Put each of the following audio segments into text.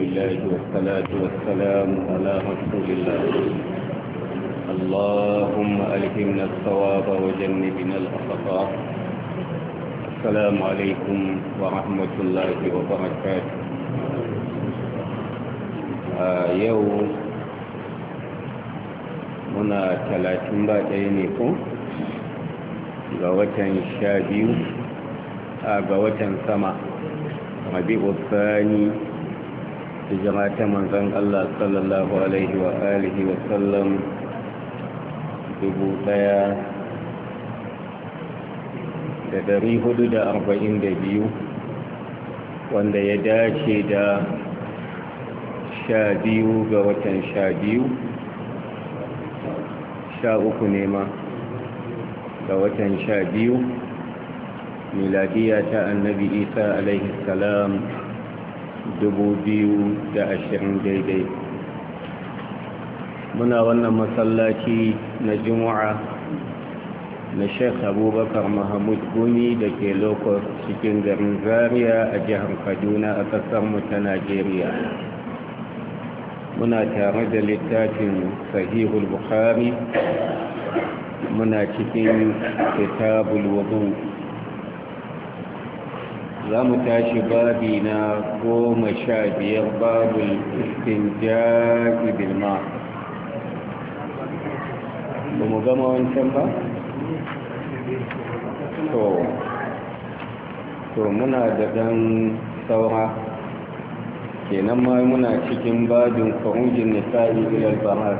لله والصلاة والسلام على رسول الله اللهم ألهمنا الصواب وجنبنا الأخطاء السلام عليكم ورحمة الله وبركاته آه يوم هنا ثلاثين بعدين يكون ga watan sha biyu a ga watan sama rabi'u tsani da jama'a manzan Allah sallallahu alaihi wa alihi wa sallam dubu daya da dari hudu da arba'in da biyu wanda ya dace da sha biyu ga watan sha biyu sha uku nema ga watan sha biyu miladiya ta annabi isa alaihi salam Dubu biyu da ashirin daidai muna wannan masallaci na juma'a na sheikh abubakar mahamud gumi da ke lokos cikin garin zaria a jihar kaduna a ƙasarmu ta najeriya muna tare da littafin sahihul bukhari muna cikin kitabul wudu za mu tashi babi na goma sha biyar babul istinja'i bilma ba mu gama wancan ba? to to muna da ɗan saura kenan ma muna cikin babin kwarujin nisa'i ilal bahar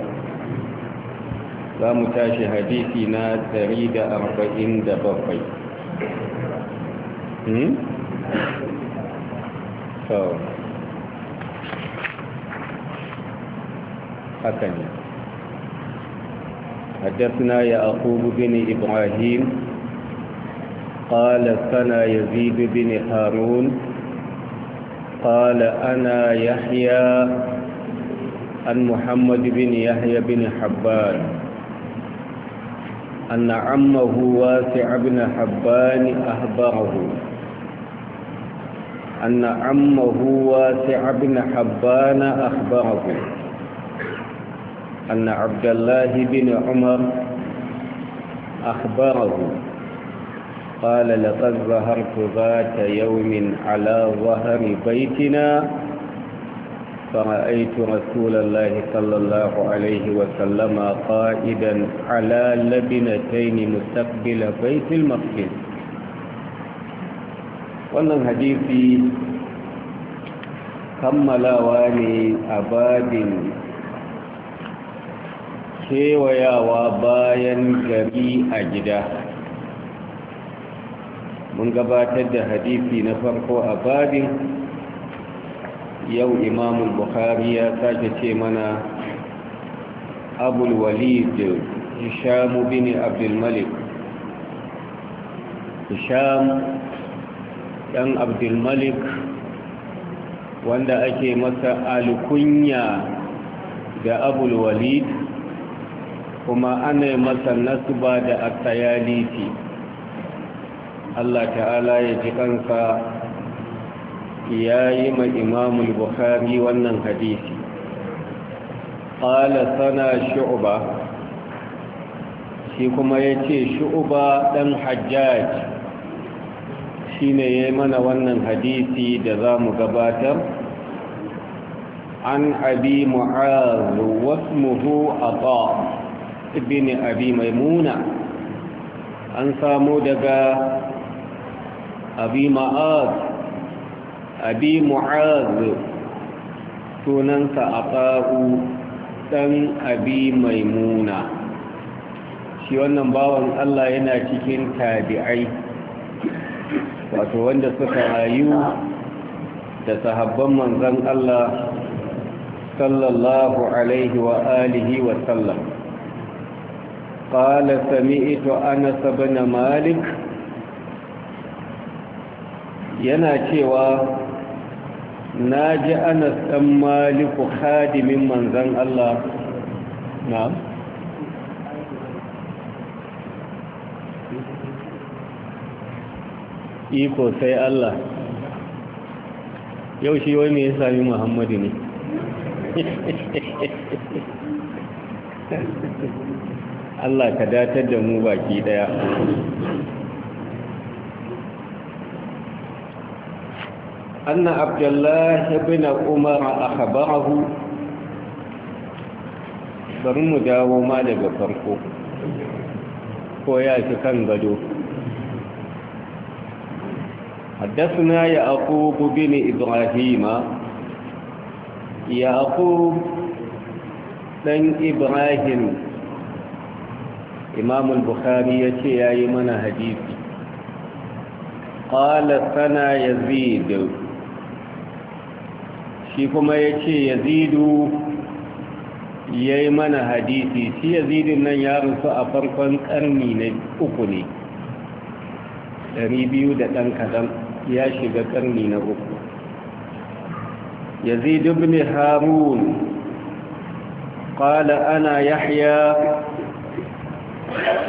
za mu tashi hadisi na 147 hmm? haka يا حدثنا بن إبراهيم قال سنا يزيد بن هارون قال أنا يحيى عن محمد بن يحيى بن حبان أن عمه واسع بن حبان أخبره أن عمه واسع بن حبان أخبره أن عبد الله بن عمر أخبره قال لقد ظهرت ذات يوم على ظهر بيتنا فرأيت رسول الله صلى الله عليه وسلم قائدا على لبنتين مستقبل بيت المقدس wannan hadisi kammalawa ne a babin kewayawa bayan gari a gida mun gabatar da hadisi na farko a babin yau imamul bukhari ya sake ce mana abulwalid hisham bin abdulmalik hisham ɗan abdulmalik wanda ake masa alkunya da abulwalid kuma ana masa nasuba da atayaliti Allah ta'ala ya ji kansa ya yi ma imamul bukhari wannan hadisi ƙala sana shu'uba shi kuma ya ce shu'uba ɗan hajjaji shine ya mana wannan hadisi da zamu gabatar an abi mu'az wasmuhu ata ibn abi maimuna an samu daga abi ma'az abi mu'az sunansa ata'u dan abi maimuna shi wannan bawan Allah yana cikin tabi'ai wato wanda suka rayu da sahabban manzan Allah sallallahu alaihi wa alihi wa sallam قال سمعت أنس بن malik, yana cewa na ji anas ɗan maliku hadimin manzan Allah iko sai Allah yau shi wai ya sami Muhammadu ne Allah ka datar da mu baki daya أن عبد الله Umar عمر أخبره bari mu dawo ma daga farko ko ya ci kan gado حدثنا يعقوب بن إبراهيم يعقوب بن إبراهيم إمام البخاري يتي يمن حديث قال سنا يزيد shi kuma ya ce yazidu ya yi mana hadisi shi yazidin nan ya rusu a farkon karni na uku ne 200 da ɗan kaɗan. ya shiga karni na uku yazid ibn harun qala ana yahya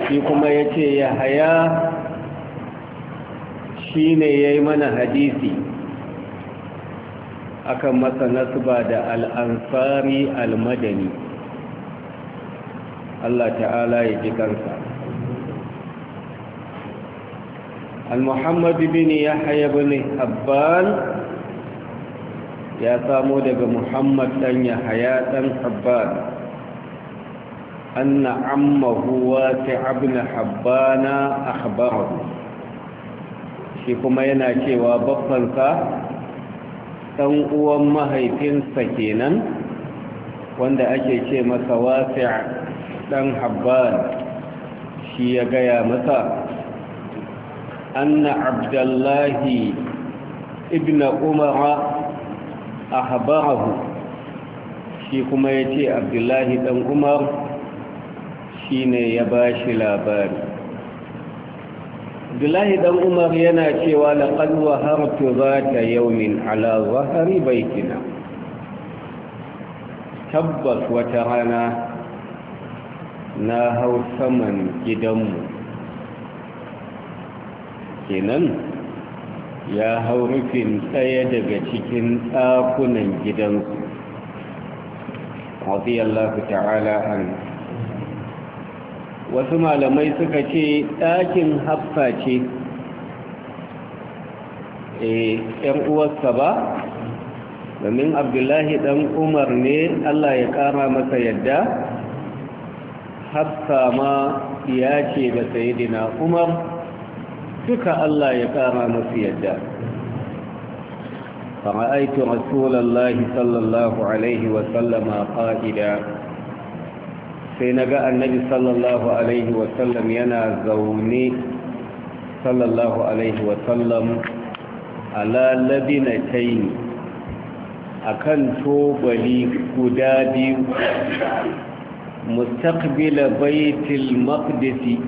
shi kuma yace yahya shine yayi mana hadisi akan masa nasba da al-ansari al-madani Allah ta'ala ya ji kansa عن محمد بن يحيى بن حبان يا سامو دغ محمد بن يحيى بن حبان أن عمه واسع بن حبان أخبره shi kuma yana cewa babbansa ɗan uwan mahaifinsa kenan wanda ake ce masa wasi' ɗan habban shi ya gaya masa أن عبد الله ابن عمر أخبره شيكما يتي عبد الله بن عمر شين يباشي لاباري عبد الله بن عمر يناتي ولقد وهرت ذات يوم على ظهر بيتنا تبت وترانا na hau saman gidanmu kenan ya hau rufin tsaye daga cikin ɗakunan gidansu radiyallahu ta'ala an wasu malamai suka ce ɗakin hafsa ce eh, ‘yan uwarsa ba domin abdullahi ɗan umar ne allah ya ƙara masa yadda hafsa ma ya ce da sayidina umar suka Allah ya kama masu yadda fara aiki rasulallahi sallallahu alaihi wasallam a fa’ida sai na ga annabi sallallahu alaihi wasallam yana zaune sallallahu alaihi wasallam alalabi na taini a kan tobali guda biyu mustaqbila baitul maqdisi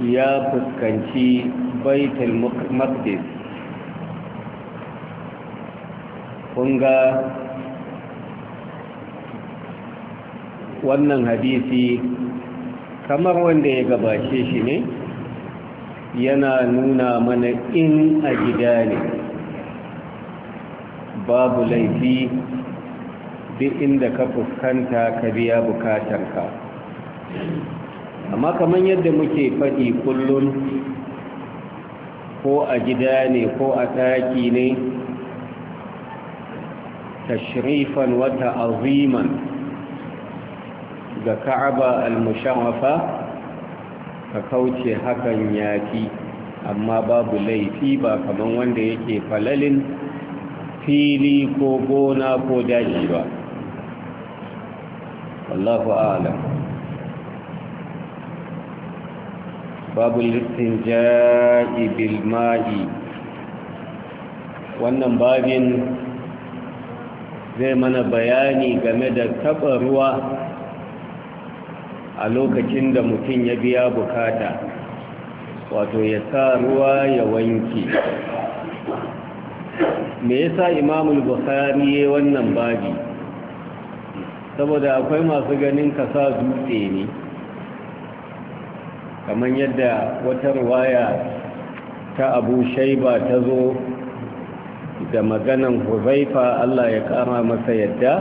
ya fuskanci baitul maqdis kunga wannan hadisi kamar wanda ya gabace shi ne yana nuna mana in a gida ne babu laifi duk inda ka fuskanta ka biya bukatanka amma kaman yadda muke faɗi kullum ko a gida ne ko a taki ne tashrifan wata aziman ga ka'aba al-musharrafa ka kauce hakan yaki amma babu laifi ba kaman wanda yake falalin fili ko gona ko daji ba wallahu a'lam babu listin ja'i wannan babin zai mana bayani game da taɓa ruwa a lokacin da mutum ya biya bukata wato ya sa ruwa ya wanke. me yasa imamul bukhari ya wannan babi saboda akwai masu ganin kasa dutse ne kamar yadda wata ruwaya ta abu shaiba ta zo da maganan huzaifa Allah ya kama masa yadda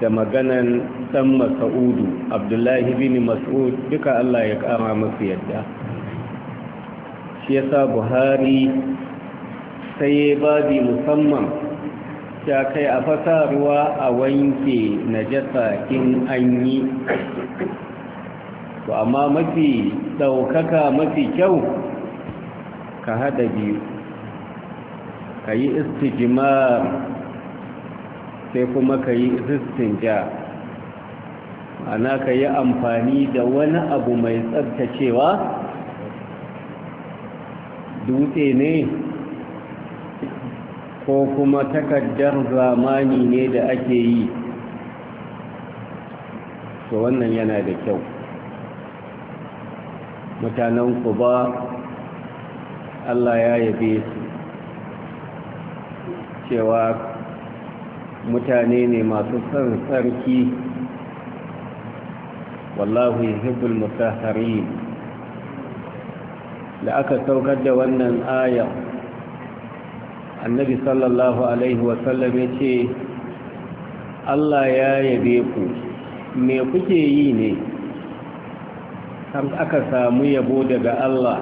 da maganan dan mas'udu abdullahi bin mas'ud duka Allah ya kama masa yadda shi yasa buhari sai ya babi musamman ya kai a fasa ruwa a wanke najasa in an yi to amma mafi ɗaukaka mafi kyau ka haɗa biyu ka yi istijimar sai kuma ka yi istinja ana ka yi amfani da wani abu mai tsabtacewa dutse ne ko kuma takaddar zamani ne da ake yi to wannan yana da kyau mutanen kuba Allah ya yabe su cewa mutane ne masu son sarki wallahu yuhibbul mutahharin da aka saukar da wannan aya annabi sallallahu alaihi wasallam ya ce Allah ya yabe ku me kuke yi ne aka samu yabo daga Allah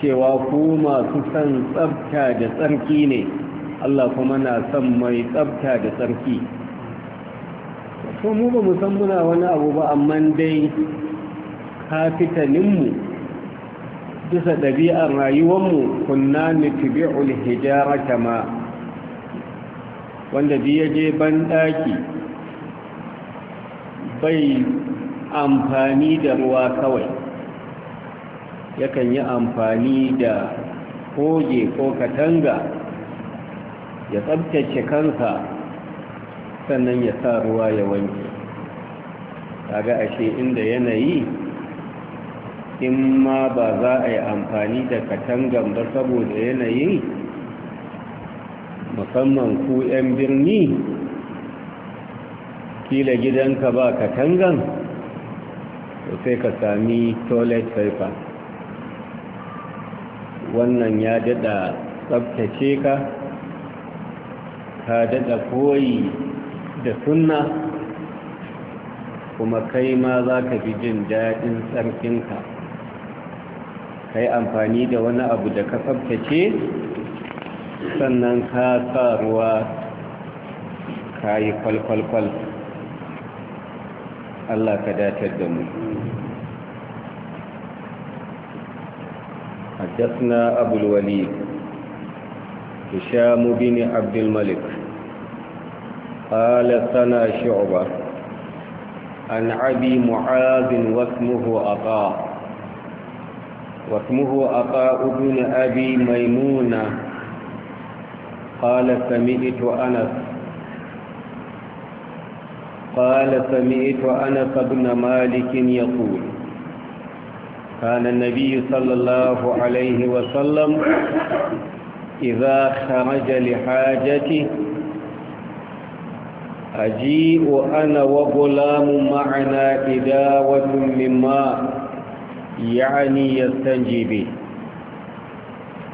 cewa ku masu san tsabta da tsarki ne Allah kuma na san mai tsabta da tsarki so mu ba mu san muna wani abu ba amma dai kafitaninmu bisa ɗabi'ar rayuwarmu kunna nitibi'ul hijara kama wanda biya je ban ɗaki bai amfani da ruwa kawai yakan yi amfani da koge ko katanga ya tsabtace kansa sannan ya sa ruwa ya wanke kaga ashe inda yanayi in ma ba za a yi amfani da katangan ba saboda yanayin musamman ku 'yan birni kila gidanka ba katangan sai ka sami toilet paper wannan ya dada tsabtace ka ka dada koyi da sunna kuma kai ma za ka bi jin daɗin tsarkinka ka yi amfani da wani abu da ka tsabtace sannan ka sa ruwa ka yi kwalkwalkwal Allah ka datar da mu حدثنا أبو الوليد هشام بن عبد الملك قال ثنا شعبة عن أبي معاذ واسمه أطاء واسمه أطاء بن أبي ميمونة قال سمعت أنس قال سمعت أنس بن مالك يقول كان النبي صلى الله عليه وسلم إذا خرج لحاجته أجيء أنا وغلام معنا إداوة من ماء يعني يستنجي به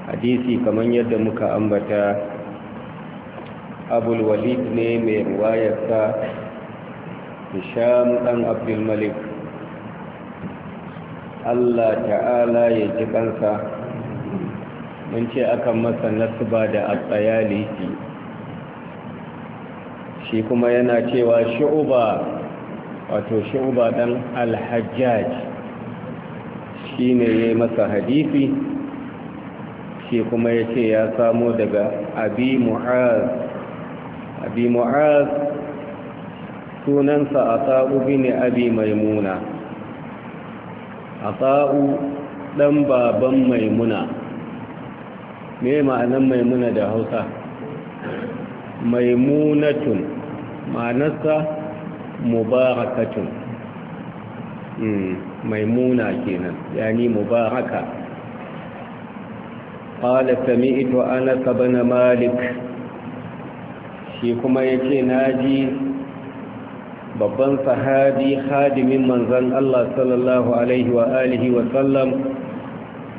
hadisi kamar yadda muka ambata abul walid ne mai ruwayarsa hisham ɗan abdulmalik allah ta'ala ya ji kansa. mun ce akan masa nasuba da atsayaliki shi kuma yana cewa shu'uba wato shu'uba ɗan alhajjaj shi ne ya yi masa hadifi. shi kuma ya ce ya samo daga abi mu'az abi mu'az sunansa a sa'u bini abi maimuna a sa'u ɗan baban maimuna me ma'anan maimuna da hausa maimunatun ma'anarsa mubarakatun hmm, maimuna kenan yani mubaraka qala sami'tu anas ibn malik shi kuma yace naji babban sahabi hadimin manzan Allah sallallahu alaihi wa alihi wa sallam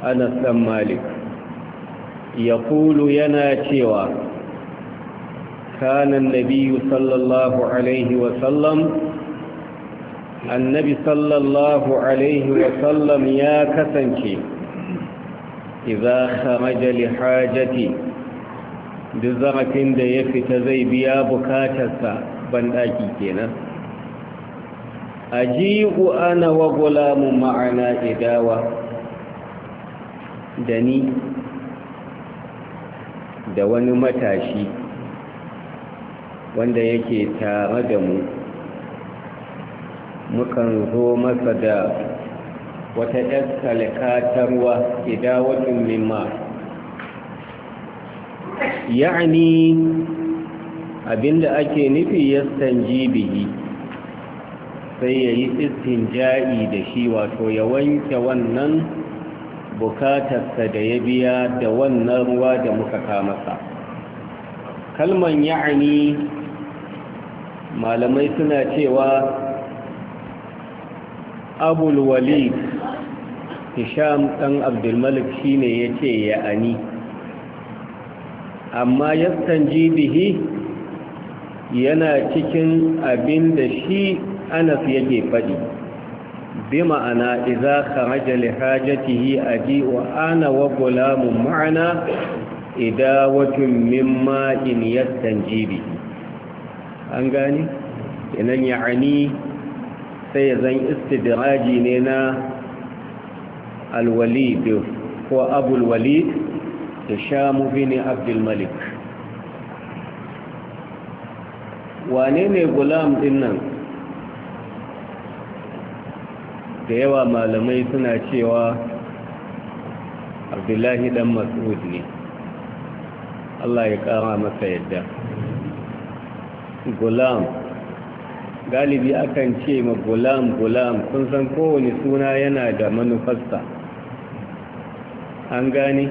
Anas Malik ya kulu yana cewa kanan Nabiyu sallallahu alaihi wa sallam annabi sallallahu alaihi wa sallam ya kasance Iza kharaja li hajati duk zarafin da ya fita zai biya bukatarsa banɗaki kenan aji'u ana wa gulamun ma'ana idawa da ni da wani matashi wanda yake tare da mu mukan zo masa da wata ɗaskalkatarwa idawatin mimma ya'ani abinda ake nufi yastanji bihi sai ya yi ja'i da shi wato ya wanke wannan bukatarsa da ya biya da wannan ruwa da muka kamasa kalman ya'ani malamai suna cewa abul walid hisham ɗan abdulmalik shine ya ce ya'ani amma yastanji bihi yana cikin abin da shi anas yake faɗi bi ma'ana idza kharaja li hajatihi aji wa ana wa gulamun ma'ana idawatun mimma in yastanjibi an gani inan ya'ani sai zan istidraji ne na alwalid ko abul walid shamu bin abdul malik wane ne gulam nan? da yawa malamai suna cewa abdullahi dan mas'ud ne Allah ya kara masa yadda gulam galibi akan ce ma gulam gulam kun san kowane suna yana da manufarsa an gane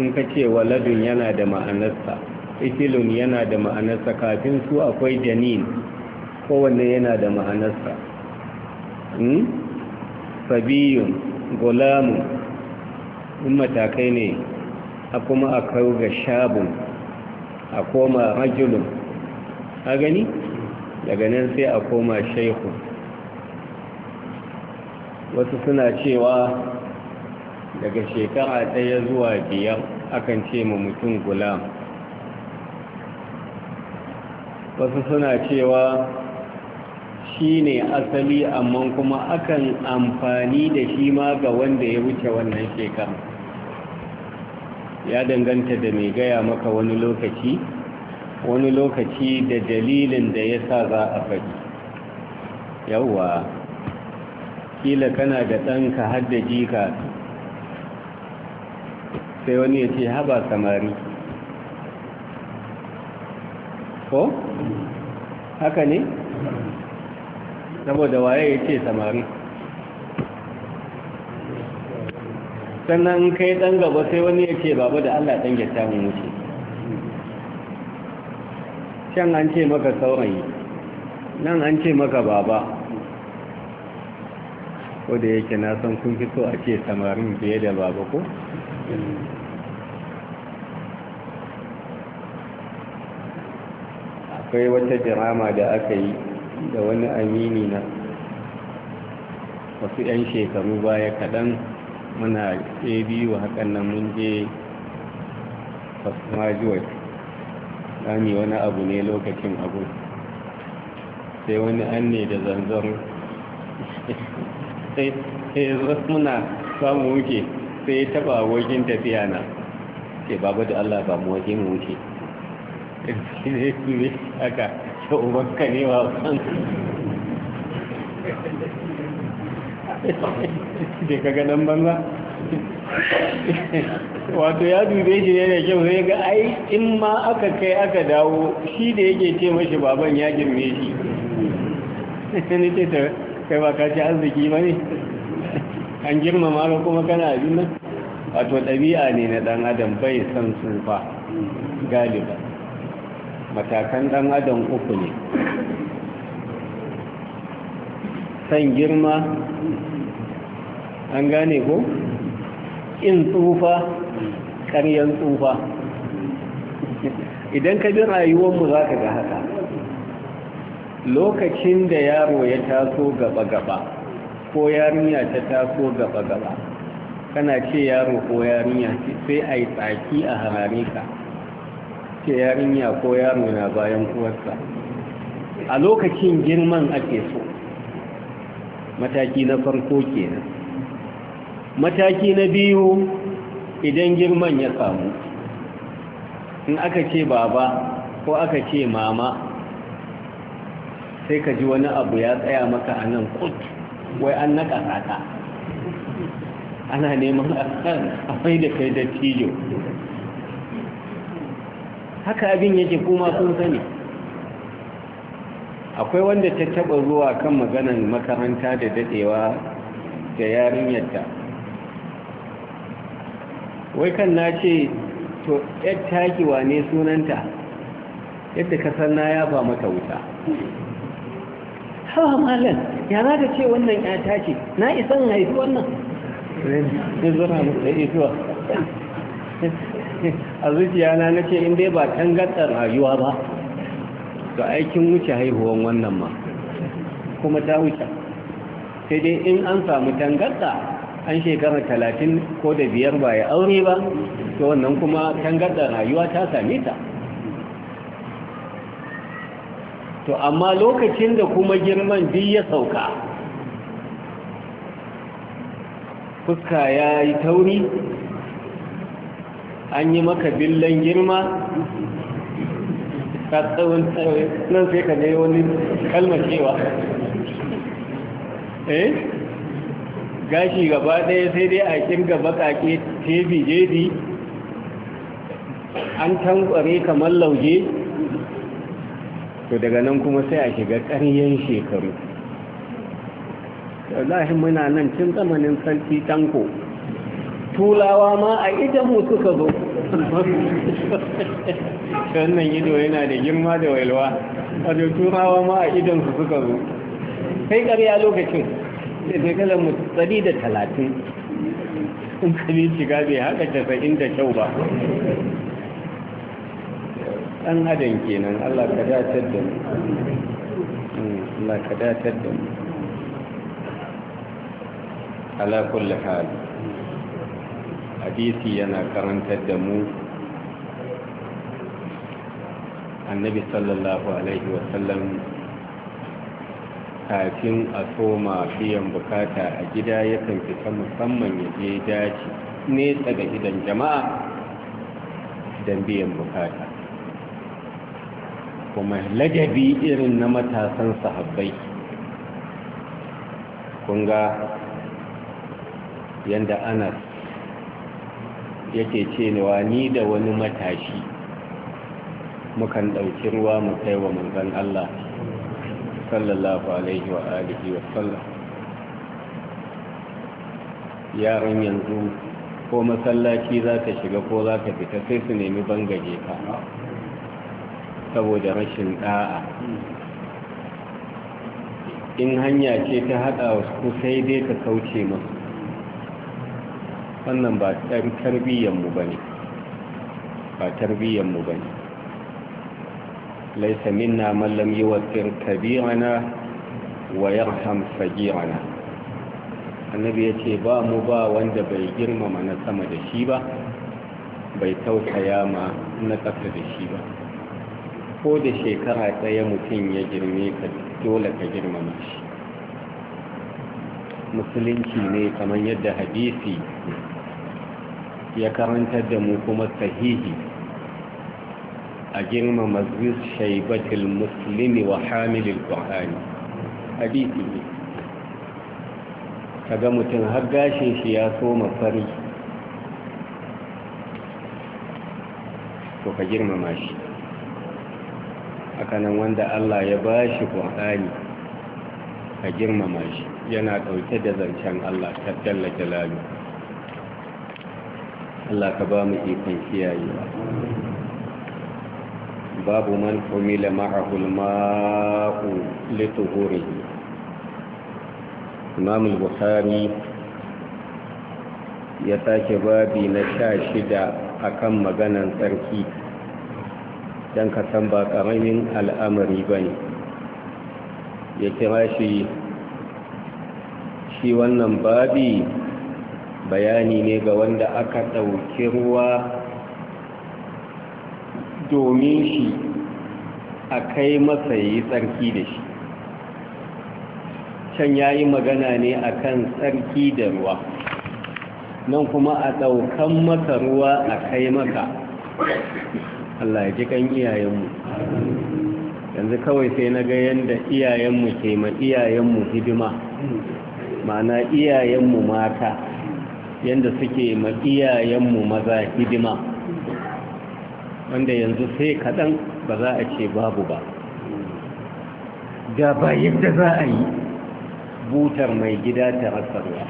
in ka ce waladun yana da ma'anarsa itilun yana da ma'anarsa kafin su akwai janin kowanne yana da ma'anarsa sabiyun hmm? Gulamu. in matakai ne a kuma a kawo ga shabun a koma rajulun a gani daga nan sai a koma shaihu wasu suna cewa daga shekara ɗaya zuwa biyar akan ce ma mutum gulam wasu suna cewa Shine asali amma kuma akan amfani da shi ma ga wanda ya wuce wannan shekara ya danganta da mai gaya maka wani lokaci wani lokaci da dalilin da ya sa za a faɗi yawwa kila kana da ɗanka har da jika sai wani ya ce haba samari ko haka ne saboda waye ya ce samari sannan kai dan gaba sai wani ya ce babu da allah dan gyata mu wuce can an ce maka saurayi nan an ce maka baba ko da yake na san kun fi so a ce samarin fiye da baba ko akwai wata jirama da aka yi da wani amini na wasu 'yan shekaru baya kaɗan muna ɗaya biyu hakan nan mun je fasmajuwar ɗami wani abu ne lokacin abu sai wani an ne da zanzan sai muna samu wuce sai taba wajen tafiya na sai babu da allah ba mu wajen wuce ne haka da ubanka ne da banza wato ya dube shi ne da kyau sai ga ai in ma aka kai aka dawo shi da yake ce mashi baban ya girme shi ne ce ta kai ba ka arziki ba ne an girmama ka kuma kana abin nan wato ɗabi'a ne na ɗan adam bai san tsufa galiba matakan ɗan adam uku ne san girma an gane ko in tsufa ƙaryen tsufa idan ka rayuwar rayuwarmu za ka ga haka lokacin da yaro ya taso gaba-gaba ko yarinya ta taso gaba-gaba kana ce yaro ko yarinya sai a yi tsaki a harare ka ke yarinya ko yaro na bayan uwarsa a lokacin girman ake so mataki na farko kenan mataki na biyu idan girman ya samu in aka ce baba ko aka ce mama sai ka ji wani abu ya tsaya maka a nan kut wai an naka ana neman a kai da kai dattijo haka abin yake kuma sun sani akwai wanda ta taba zuwa kan maganan makaranta da dadewa da yarinyarta wai kan na ce to yar takiwa wane sunanta yadda kasar na yafa mata wuta hawa malam ya da ce wannan ya taki na isan haifi wannan a zuciyana na ce in dai ba tangatsar rayuwa ba to aikin wuce haihuwan wannan ma kuma ta wuce sai dai in an samu tangatsa an shekara talatin ko da biyar ba ya aure ba to wannan kuma tangarda rayuwa ta same ta to amma lokacin da kuma girman biyu ya sauka fuska ya yi tauri an yi maka billan girma ka tsawon tsawon nan sai ka ne wani kalmar cewa eh gashi gaba ɗaya sai dai a kirga baƙaƙe tebi jeji an tankware kamar lauje to daga nan kuma sai a shiga ƙaryen shekaru da muna nan cin zamanin sarki tanko tulawa ma a idanmu suka zo wannan ido yana da girma da walwa a da turawa ma a idansu suka zo sai ƙarya lokacin da shekarar mu tsari da talatin in kani shiga bai haka casa'in da kyau ba ɗan adam kenan allah ka datar da mu hmm, allah ka datar da mu ala kulli hali hadisi yana karantar da mu annabi sallallahu alaihi wasallam kafin a soma biyan bukata a gida yakan fita musamman ya je daji nesa da gidan jama'a don biyan bukata kuma ladabi irin na matasan sahabbai kunga yadda anas yake cewa ni da wani matashi mukan ɗauki ruwa mu kai wa manzan Allah sallallahu alaihi wa alihi wa sallam yaran yanzu ko masallaci za ka shiga ko za ka fita sai su nemi bangaje ka saboda rashin ɗa'a in hanya ce ta haɗa wasu, sai dai ka kauce masu wannan ba tarbiyyanmu ba ne ba tarbiyyanmu ba ne laisa minna mallam yi wasir kabirana wa yarham sagirana annabi ya ce ba mu ba wanda bai girmama na sama da shi ba bai tausaya ma na ƙasa da shi ba ko da shekara ɗaya mutum ya girme ka dole ka girmama shi musulunci ne kamar yadda hadisi ya karantar da mu kuma sahihi a girmama shaibatul muslimi wa hamilul qur'ani hadisi ne kaga mutum har gashin shi ya soma fari. to ka girmama shi hakanan wanda Allah ya bashi qur'ani ka girmama shi yana ɗauke da zancen Allah ta jalla jalaluhu Allah ka ba mu ikon kiyayewa babu man humila ma'ahu al-ma'u li Imam al-Bukhari ya sake babi na sha shida akan maganan tsarki Dan ka san ba ƙaramin al'amari ba ne ya kira shi shi wannan babi bayani ne ga wanda aka ɗauki ruwa domin shi a kai masa yi tsarki da shi can ya yi magana ne a kan tsarki da ruwa nan kuma a ɗaukan masa ruwa a kai maka Allah ya ji kan iyayenmu yanzu kawai sai na ga yadda iyayenmu ke ma iyayenmu hidima ma'ana iyayenmu mata yadda suke ma iyayenmu maza hidima wanda yanzu sai kaɗan ba za a ce babu ba da ba yadda za a yi butar mai gida ta rasarwa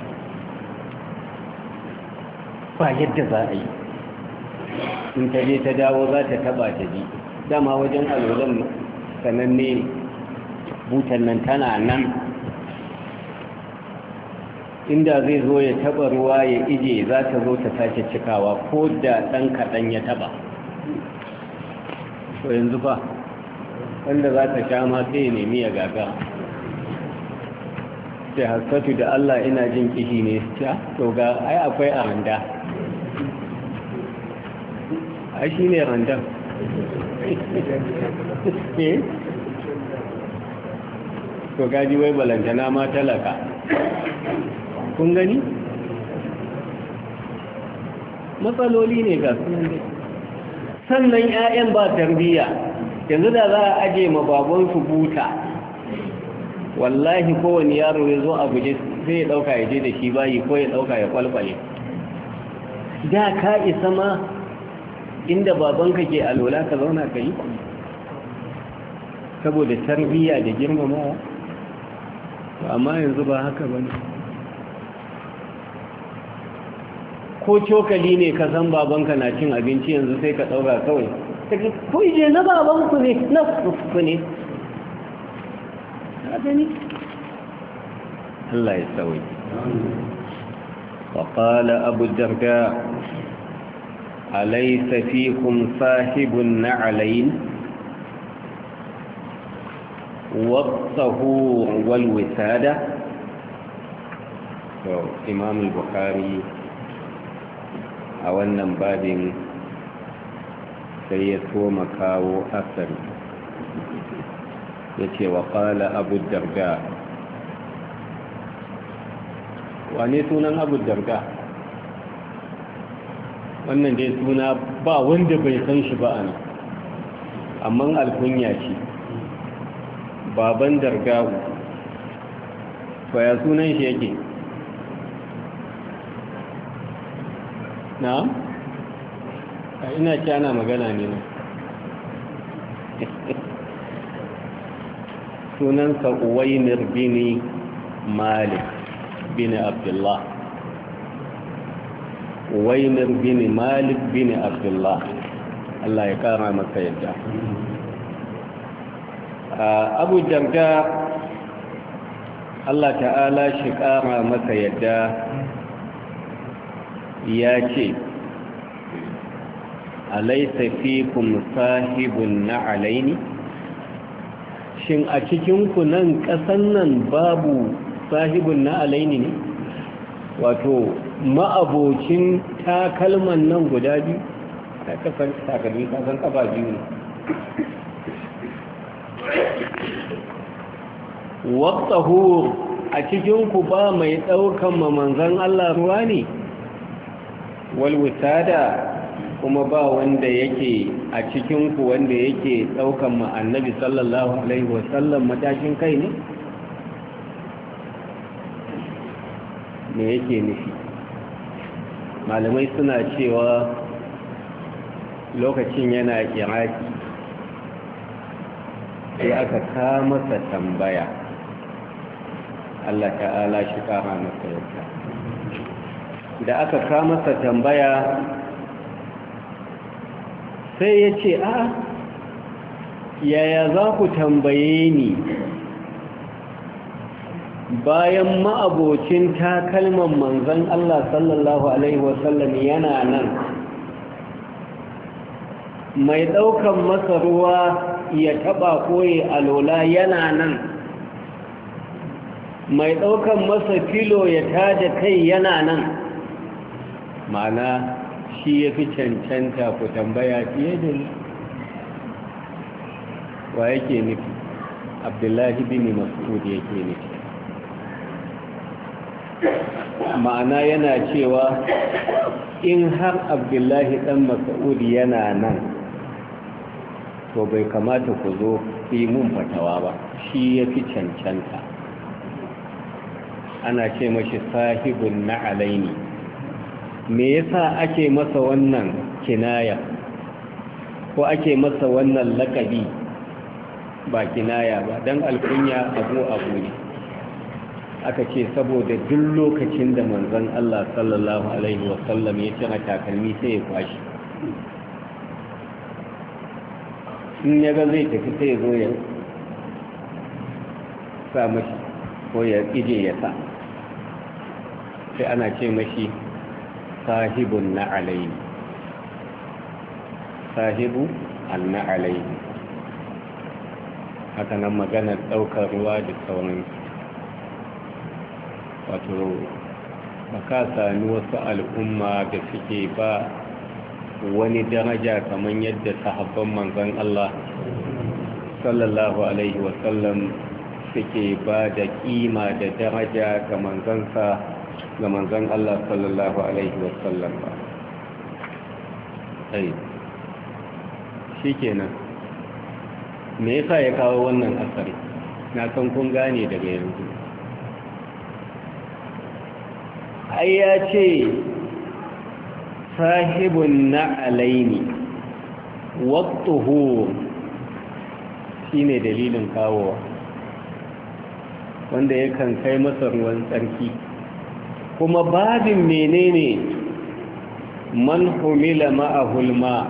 ba yadda za a yi in ta je ta dawo za ta taba ta ji dama wajen alolan sananne butar nan tana nan inda zai zo ya taba ruwa ya ije za ta zo ta sake cikawa ko da ɗan kaɗan ya taba to yanzu ba wanda za ta sha ma sai ya nemi ya gaga sai haskatu da Allah ina jin kishi ne ya to ga ai akwai a randa A shi ne randan eh? to gaji wai balantana ma talaka kun gani matsaloli ne ga dai sannan 'ya'yan ba tarbiyya yanzu da za a aje ma su buta wallahi kowane yaro ya zo a guje sai ya ɗauka ya je da shi bayi ko ya ɗauka ya kwalkwale da ka isa ma inda babanka ke alola ka zauna ka yi saboda tarbiyya da girmamawa amma yanzu ba haka ba ne ko cokali ne ka san babanka na cin abinci yanzu sai ka ɗaura kawai take kuje na babanku ne na ku ne Allah ya tsawai وقال أبو kun أليس na صاحب النعلين والطهور والوسادة imamul البخاري a wannan babin sai ya soma kawo asali ya ce wa ƙala abu darga wane sunan abu darga wannan dai suna ba wanda bai san shi ba ana amma alkunya ce baban darga ba ya sunan shi yake na'am ina ce ana magana ne na sunansa uwainir bini malik bini abdullah uwainir bini malik bini abdullah Allah ya kara maka yadda abu jamda Allah ta'ala shi kara maka yadda ya ce alaisa fikum sahibun na alaini shin a cikinku nan kasan nan babu sahibun na alaini ne wato ma'abocin takalman nan guda biyu ta kasar takalmi kasan kafa biyu ne wata a cikinku ba mai ɗaukan manzan Allah ruwa ne walwisada kuma ba wanda yake a cikinku wanda yake ɗaukan annabi sallallahu alaihi wasallam matashin kai ne me yake nufi malamai suna cewa lokacin yana iraki sai aka masa tambaya Allah ta'ala shi kama masa yadda da aka kamasa tambaya sai ya ce a yaya za ku tambaye ni bayan ma'abocin takalman manzan Allah sallallahu Alaihi wasallam yana nan mai ɗaukan masa ruwa ya taɓa koye alola yana nan mai ɗaukan masa filo ya tada kai yana nan ma'ana shi ya fi cancanta ku tambaya fiye da ni wa yake nufi abdullahi bin masud yake nufi ma'ana yana cewa in har abdullahi dan masud yana nan to bai kamata ku zo fi mun fatawa ba shi ya fi cancanta ana ce mashi sahibun na alaini me yasa ake masa wannan kinaya ko ake masa wannan lakabi ba kinaya ba don alkunya abu abu ne aka ce saboda duk lokacin da manzon Allah sallallahu alaihi wasallam ya cire takalmi sai ya kwashi in ya ga zai tafi sai zo ya sa mashi ko ya ije ya sa sai ana ce mashi sahibun na alaini sahibu na alaini haka nan maganar ɗaukar ruwa da sauransu wato ba ka sami wasu al'umma da suke ba wani daraja kamar yadda sahabban manzan Allah sallallahu alaihi wasallam suke ba da ƙima da daraja ga manzansa ga manzan Allah sallallahu alaihi wasallam ba ai shi kenan me yasa ya kawo wannan asari na san kun gane daga yanzu ai ya ce sahibun na'alaini waqtuhu shine dalilin kawowa wanda yakan kai masa ruwan tsarki kuma babin menene man humila ma'ahul ma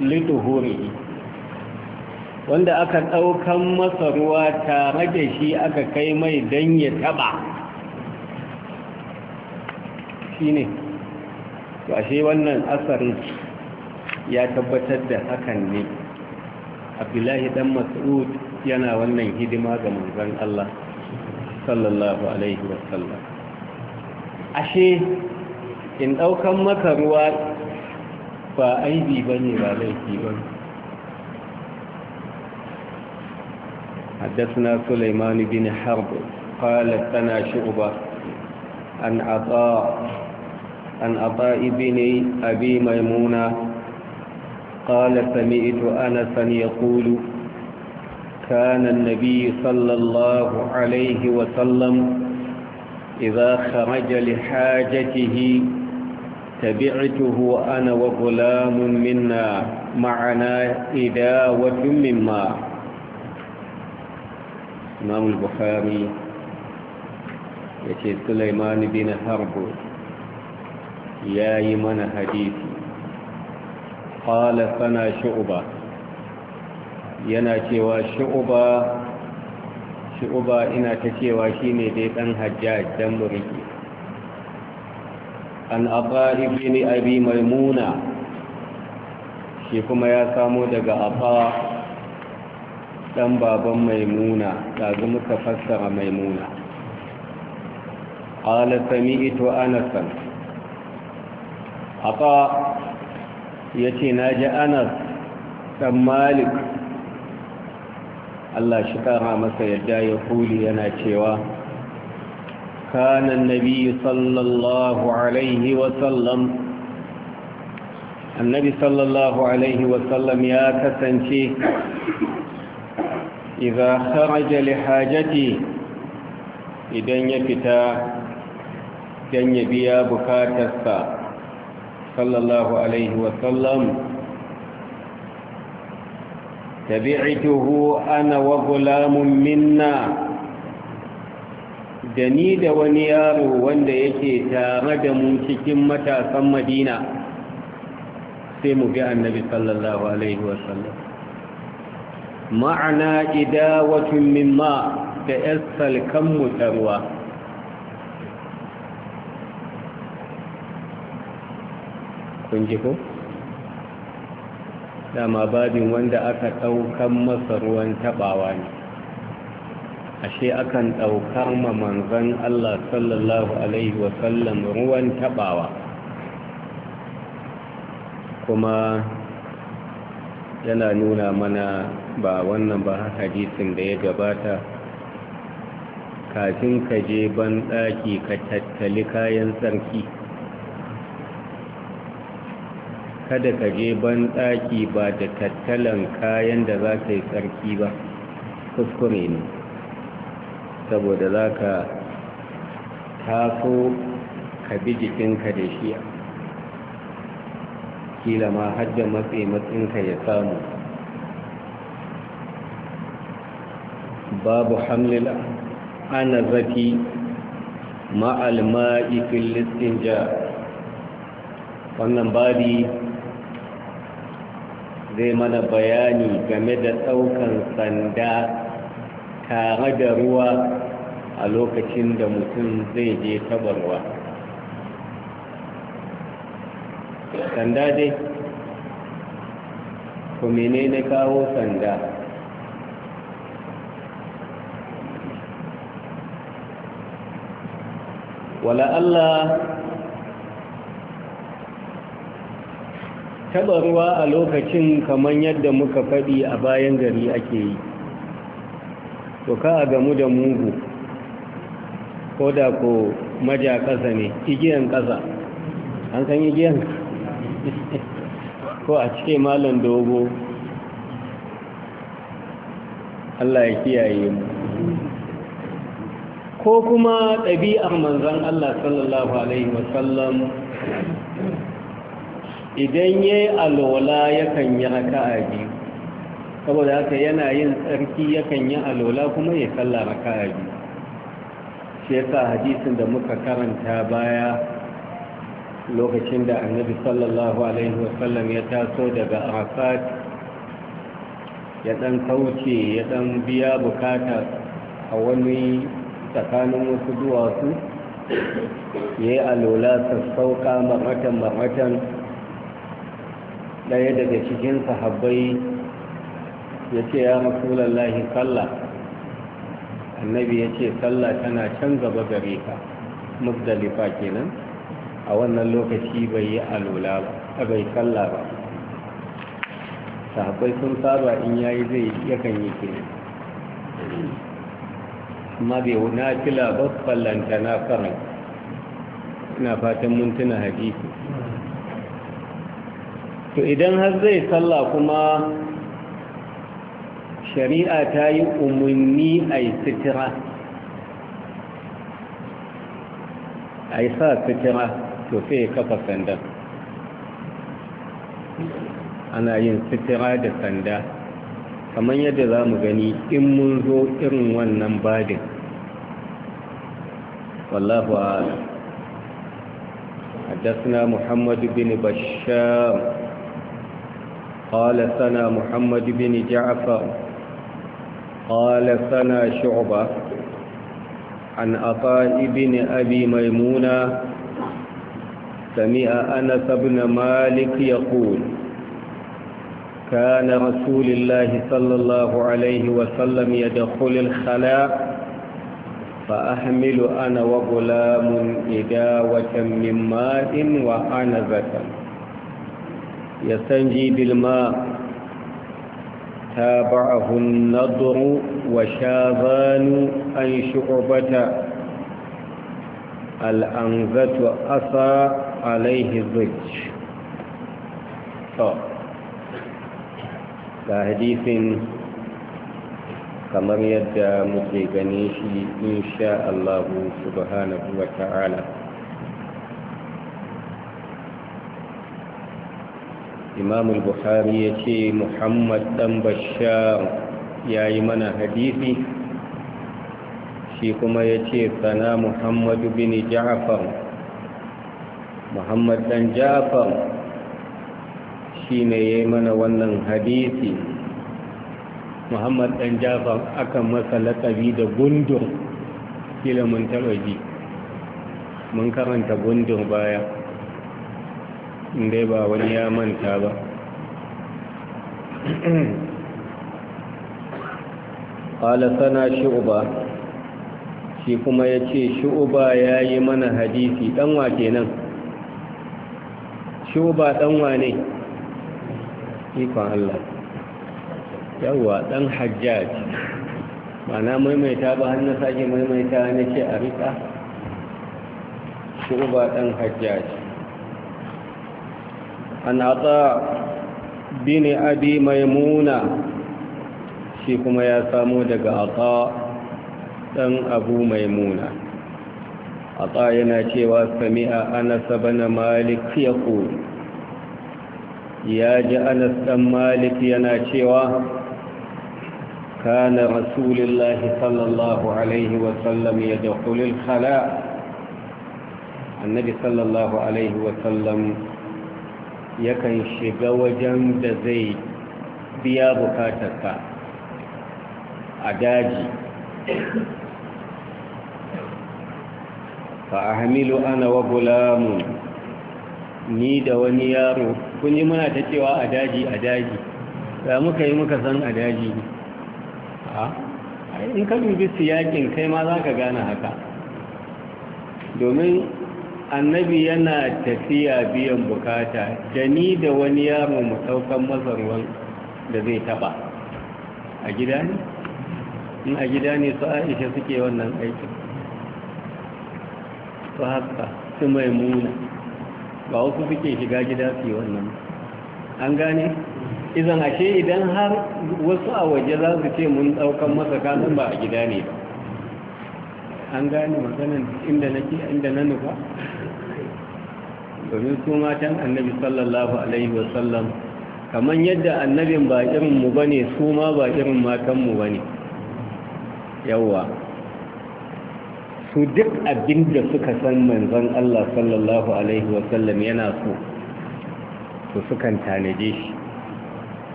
lituhuri wanda aka ɗaukan masa ruwa tare da shi aka kai mai don ya taɓa shi ne ashe wannan asarin ya tabbatar da hakan ne abdullahi dan mas'ud yana wannan hidima ga manzon Allah sallallahu alaihi wasallam ashe in ɗaukan maka ruwa ba aibi ba ne ba laifi ba حدثنا سليمان بن حرب قال ثنا شعبة عن عطاء عن عطاء بن أبي ميمونة قال سمعت أنسا يقول كان النبي صلى الله عليه وسلم إذا خرج لحاجته تبعته أنا وغلام منا معنا إداوة مما إمام البخاري يشي سليمان بن حرب يا يمن حديثي قال فنا شعبة ينا شوى شعبة shi uba ina ta cewa shi ne dai ɗan hajjaj dan muriki an abba ibini abi maimuna shi kuma ya samo daga abba ɗan baban maimuna ɗazu muka fassara maimuna ƙala sami ito anasan abba ya ce na ji anas ɗan malik Allah shi kara masa yadda ya kuli yana cewa kanan nabi sallallahu alaihi wasallam annabi sallallahu alaihi wasallam ya kasance iza kharaja li hajati idan ya fita dan ya biya bukatarsa sallallahu alaihi wasallam sallam tabi'tuhu ana wa gulamun minna da ni da wani yaro wanda yake tare da mu cikin matasan madina sai mu bi annabi sallallahu alaihi wasallam ma'ana idawatun mimma da yassal kanmu ta dama babin wanda aka ɗaukar masa ruwan taɓawa ne ashe akan ɗaukar ma manzan Allah sallallahu Alaihi wa sallam ruwan taɓawa kuma yana nuna mana ba wannan ba hadisin da ya gabata kafin ka je ban daki ka tattali kayan tsarki kada ka je ban ɗaki ba da tattalan kayan da za ka yi tsarki ba kuskure ne saboda za ka taso ka bi jikinka da shi kila ma hajjar matse matsinka ya samu babu hamlila ana zafi ma'alma'i listin ja wannan babi zai mana bayani game da ɗaukan sanda tare da ruwa a lokacin da mutum zai je tabarwa sanda dai kuma ne na kawo sanda wala Allah taba ruwa a lokacin kamar yadda muka faɗi a bayan gari ake yi to ka a gamu da mugu ko da ko maja ƙasa ne igiyan ƙasa an san igiyan ko a cike malam dogo Allah ya kiyaye mu ko kuma ɗabi'ar manzan Allah sallallahu Alaihi wasallam idan ya yi alola yakan yi raka a biyu saboda haka yana yin tsarki yakan yi alola kuma ya kalla raka a biyu shi sa hadisin da muka karanta baya lokacin da annabi sallallahu alaihi wasallam ya taso daga arafat ya dan kauce ya dan biya bukata a wani tsakanin wasu duwatsu ya yi alola sassauka marmatan marmatan ɗaya daga cikin sahabbai ya ce ya rasulallahi sallah annabi ya ce sallah tana can gaba gare ka musdalifa kenan a wannan lokaci bai yi alola ba bai sallah ba sahabbai sun saba in yayi zai yakan yi kenan amma bai wuna fila ba fallanta na farin ina fatan mun tuna hadisi to idan har zai sallah kuma shari'a ta yi umarni a yi sitira a yi sa sitira to sai kafa sanda, ana yin sitira da sanda kamar yadda za mu gani in mun zo irin wannan badin wallahu a'ala حدثنا Muhammadu bin bashar قال ثنا محمد بن جعفر قال ثنا شعبة عن عطاء بن أبي ميمونة سمع أنس بن مالك يقول كان رسول الله صلى الله عليه وسلم يدخل الخلاء فأحمل أنا وغلام إداوة من ماء وأنذة يستنجي بالماء تابعه النضر وشاذان أن شعبة الأنزة أثى عليه الضج حديث kamar yadda muke gane shi insha Allah subhanahu wa ta'ala imam Buhari bukhari ya ce muhammad dan bashar ya yi mana hadisi shi kuma ya ce sana muhammad bin ja'far muhammad dan ja'far shi ne ya yi mana wannan hadisi muhammad dan jafar akan masa lakabi da gundun kila mun mun karanta gundun baya dai ba wani ya manta ba ƙala sana shi'uba shi kuma ya ce shi'uba ya yi mana hadisi ɗanwa kenan shi'uba ɗanwa ne ikon Allah yawwa ɗan hajjaj ba na maimaita ba hannun sake maimaita na ce a rika? shi'uba ɗan hajjaj an ata bini abi mai Muna, shi kuma ya samo daga ata ɗan abu mai Muna. ata yana cewa sami'a anasa, ibn malik ya yaqul ya ji anas ɗan malik yana cewa كان رسول الله صلى الله عليه وسلم يدخل الخلاء النبي صلى الله عليه وسلم yakan shiga wajen da zai biya bukatarsa a daji fa a hamilu ana wa gulamu ni da wani yaro kun yi muna ta cewa a daji a daji da muka yi muka san a daji a in ka dubi siyakin kai ma za ka gane haka domin annabi yana tafiya biyan bukata da ni da wani yaro mu saukan mazarwan da zai taba a gida ne? in a gida ne su aisha suke wannan aikin su haka su maimuna ba wasu suke shiga gida su yi wannan an gane? izan ashe idan har wasu a waje za su ce mun daukan masa kanun ba a gida ne ba an gane maganin inda nake inda na nufa domin su matan annabi sallallahu alaihi wasallam kamar yadda annabin ba irinmu ba ne su ma ba irin matanmu ba ne yawwa su duk abin da suka san manzon Allah sallallahu alaihi wasallam yana so to sukan tanaje shi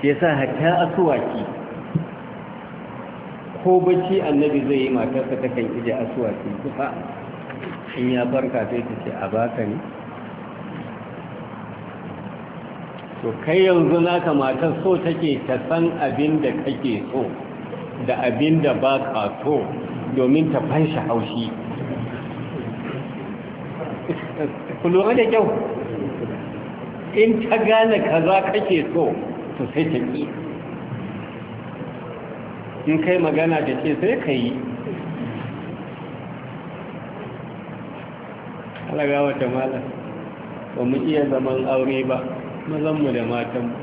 shi yasa hatta asuwaki ko bacci annabi zai yi matarsa takan ije asuwaki kusa in ya barka sai ta ce a baka ne to kai yanzu naka matar so take ta san abin da kake so da abin da ba ka so domin ta fanshi haushi ku lura da kyau in ta gane kaza kake so to sai ta ƙi in kai magana da ce sai ka yi halaga wata mala ba mu iya zaman aure ba mazanmu da matanmu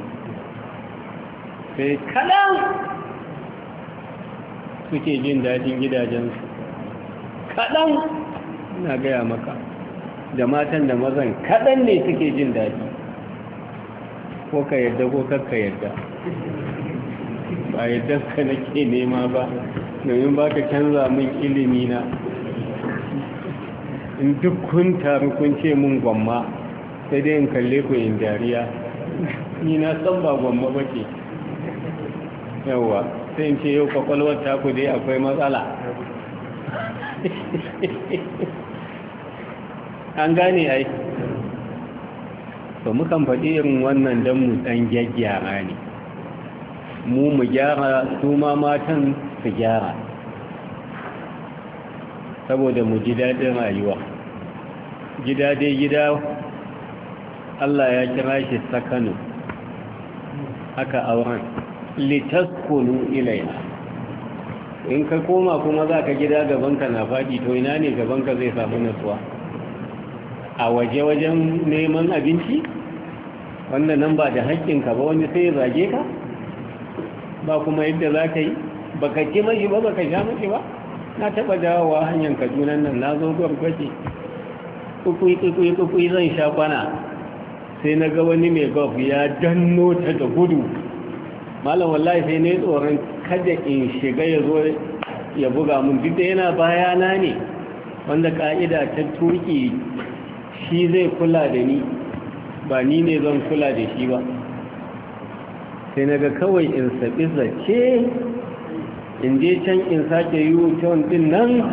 sai kalan suke jin daɗin gidajensu kaɗan na gaya maka da matan da mazan kaɗan ne suke jin daɗi ko ka yadda ko ka yadda. ba yadda ka nake nema ba domin ba ka canza min ilimi na in duk kun taru kun ce mun gwamma sai dai in kalle ku in dariya ni na san ba gwamma ba ke. yawwa sai in ce yau kwakwalwar taku dai akwai matsala an gane ai to mukan faɗi irin wannan don mu ɗan gyaggyara ne mu mu gyara su ma matan su gyara saboda mu ji daɗin rayuwa gida dai gida Allah ya kira shi sakanu haka auren litaskunu ilaina in ka koma kuma za ka gida gabanka na faɗi to ina ne gabanka zai samu nasuwa a waje wajen neman abinci Wannan nan ba da haƙƙinka ba wani sai ya zage ka ba kuma yadda za ka yi ba ka ci mashi ba ba ka sha mashi ba na taɓa dawowa hanyar kaduna nan na zo gwargwaje kukui zan sha kwana sai na ga wani mai gof ya danno ta da gudu malam wallahi sai ne tsoron kada in shiga ya zo ya buga mun duk da yana bayana ne wanda ka'ida ta turki shi zai kula da ni ba ni ne zan kula da shi ba sai na ga kawai in sabi zace in je can in sake yi wuton din nan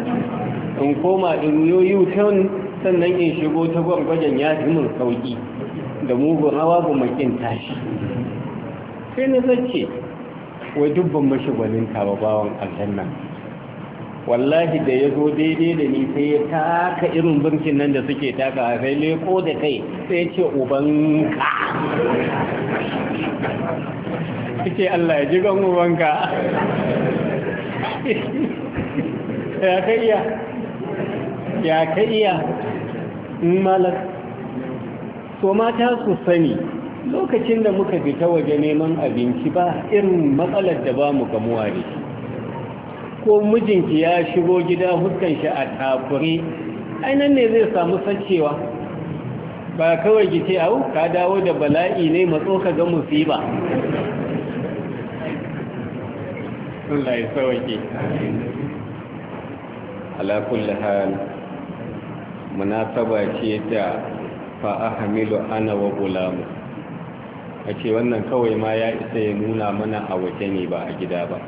in koma in yi wuton sannan in shigo ta gwargwajen ya fi mun sauki da mugun hawa ba makin tashi sai na zace wai dubban mashi gwanin ba bawan nan. wallahi da ya zo daidai da ni sai ya taka irin birkin nan da suke taka sai leko da kai sai ce ubanka ce Allah ya ji gan ubanka ya kai ya ya kai ya malar so mata su sani lokacin da muka fita waje neman abinci ba irin matsalar da ba mu gamuwa da ko mijinki ya shigo gida huskan shi a takure ainihin ne zai samu sacewa ba kawai gice a ka dawo da bala'i ne matso ka ga musiba sun ya sauke munasaba ce da fa'ahamilu ana wa gulamu a ce wannan kawai ma ya isa ya nuna mana a waje ne ba a gida ba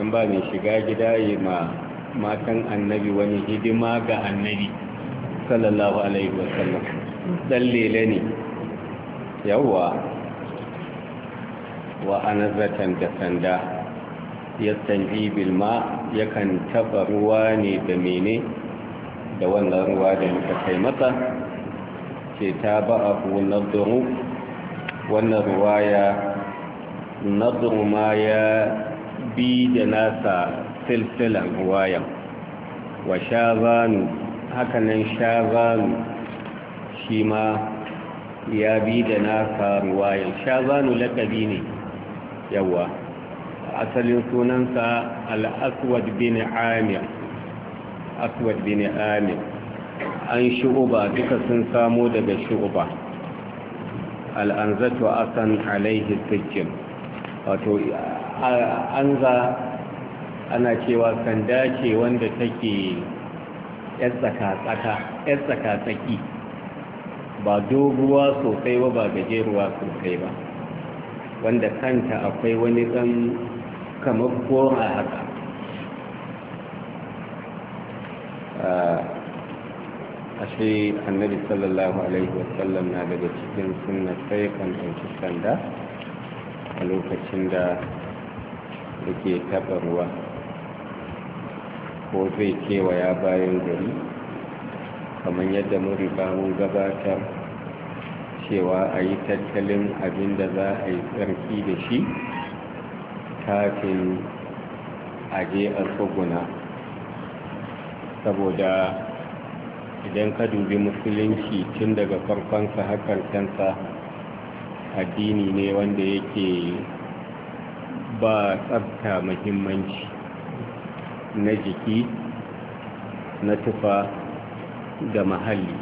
in ba mai shiga gida ya ma matan annabi wani hidima ga annabi sallallahu alaihi wasallam dan lele ne yawwa wa anazatan da sanda yastanji bilma yakan taba ruwa ne da mene da wannan ruwa da muka kai mata ce ta ba a nadru wannan ruwaya nadru ma ya bi da nasa silsilan ruwayan wa shazanu hakanan shazanu shi ma ya bi da nasa ruwayan shazanu lakabi ne yawa asalin sunansa al'aswad bin amir aswad bin Amin. an shu'uba duka sun samo daga shu'uba al'anzatu asan alaihi sijjin wato anza ana cewa sanda ce wanda take yar tsaka-tsaki ba doguwa sosai ba ba gajeruwa sosai ba wanda kanta akwai wani ɗan kamar a haka ashe annabi sallallahu alaihi wasallam na daga cikin sunna sai kan ɗauki sanda a lokacin da yake taɓa ruwa ko zai kewaya bayan gari kamar yadda mun riga mun gabatar cewa a yi tattalin abin da za a yi tsarki da shi kafin a je a tsoguna saboda idan ka dubi musulunci tun daga farkonsa hakan kansa addini ne wanda yake ba tsabta muhimmanci na jiki na tufa da mahalli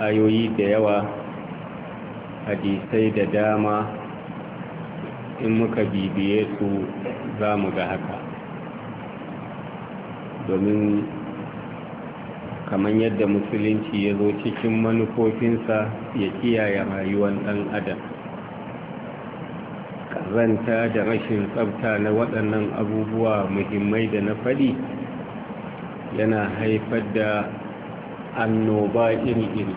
ayoyi da yawa hadisai da dama in muka bibiye su za mu ga haka domin kamar yadda musulunci ya zo cikin manufofinsa ya kiyaye rayuwar ɗan adam ƙazanta da rashin tsabta na waɗannan abubuwa muhimmai da na faɗi yana haifar da annoba iri-iri